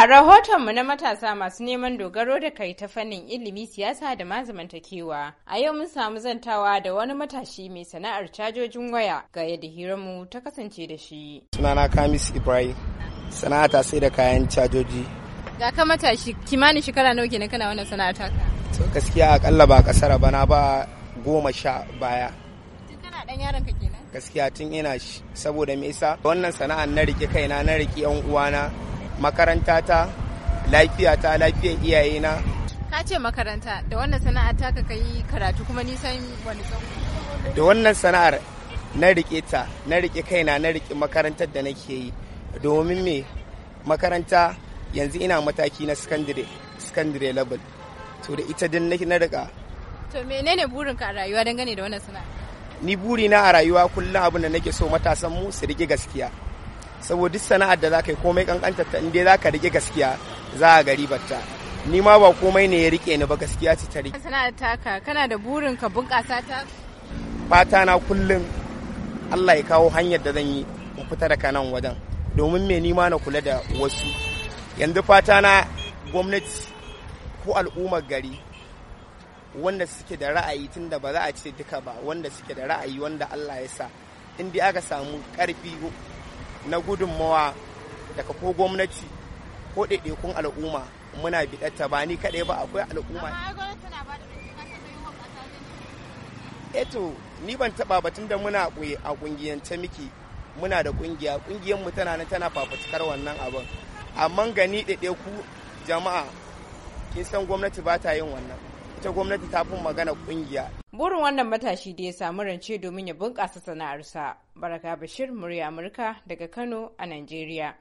A rahotonmu na matasa masu neman dogaro da kai ta fannin ilimi siyasa da mazamantakewa, a yau mun samu zantawa da wani matashi mai sana'ar cajojin waya ga yadda hiranmu ta kasance da shi. Sunana Kamis Ibrahim, sana'ata sai da kayan cajoji. Ga ka matashi kimanin shekara nawa kenan kana wannan sana'ar ka? To gaskiya akalla ba kasara bana ba goma sha baya. Tun kana dan yaron ka kenan? Gaskiya tun ina saboda me yasa wannan sana'ar na rike kaina na rike yan uwana makaranta ta lafiya ta lafiyan iyayena ka ce makaranta da wannan sana'ar ta ka kai karatu kuma nisan wani da wannan sana'ar na rike ta na rike kaina na rike makarantar da nake yi domin me makaranta yanzu ina mataki na secondary secondary level to da ita din na rika to menene burinka a rayuwa dangane da wannan sana'a ni buri na a rayuwa kullum abin da nake so matasan mu su rike gaskiya saboda duk sana'ar da zaka yi komai kankanta ta inda za zaka rike gaskiya za a gari ta ni ma ba komai ne ya rike ni ba gaskiya ce ta rike sana'ar taka kana da burin ka bunƙasa ta fata na kullum Allah ya kawo hanyar da zan yi in fita daga nan wajen domin me ni ma na kula da wasu yanzu fata na gwamnati ko al'ummar gari wanda suke da ra'ayi tunda ba za a ce duka ba wanda suke da ra'ayi wanda Allah ya sa in da aka samu karfi na gudunmawa daga ko gwamnati ko ɗaiɗaikun al'umma muna biɗatta ba ni kaɗai ba akwai al'umma eto eh ni ban taɓa batun da muna a ƙungiyance miki muna da ƙungiya ƙungiyar mu tana nan tana fafutukar wannan abin amma gani ɗaiɗaiku jama'a kin san gwamnati ba ta yin wannan ita gwamnati ta fi magana kungiya. Burin wannan matashi da ya samu rance domin ya bunƙasa sana'arsa. Baraka Bashir, murya Amurka daga Kano a Najeriya.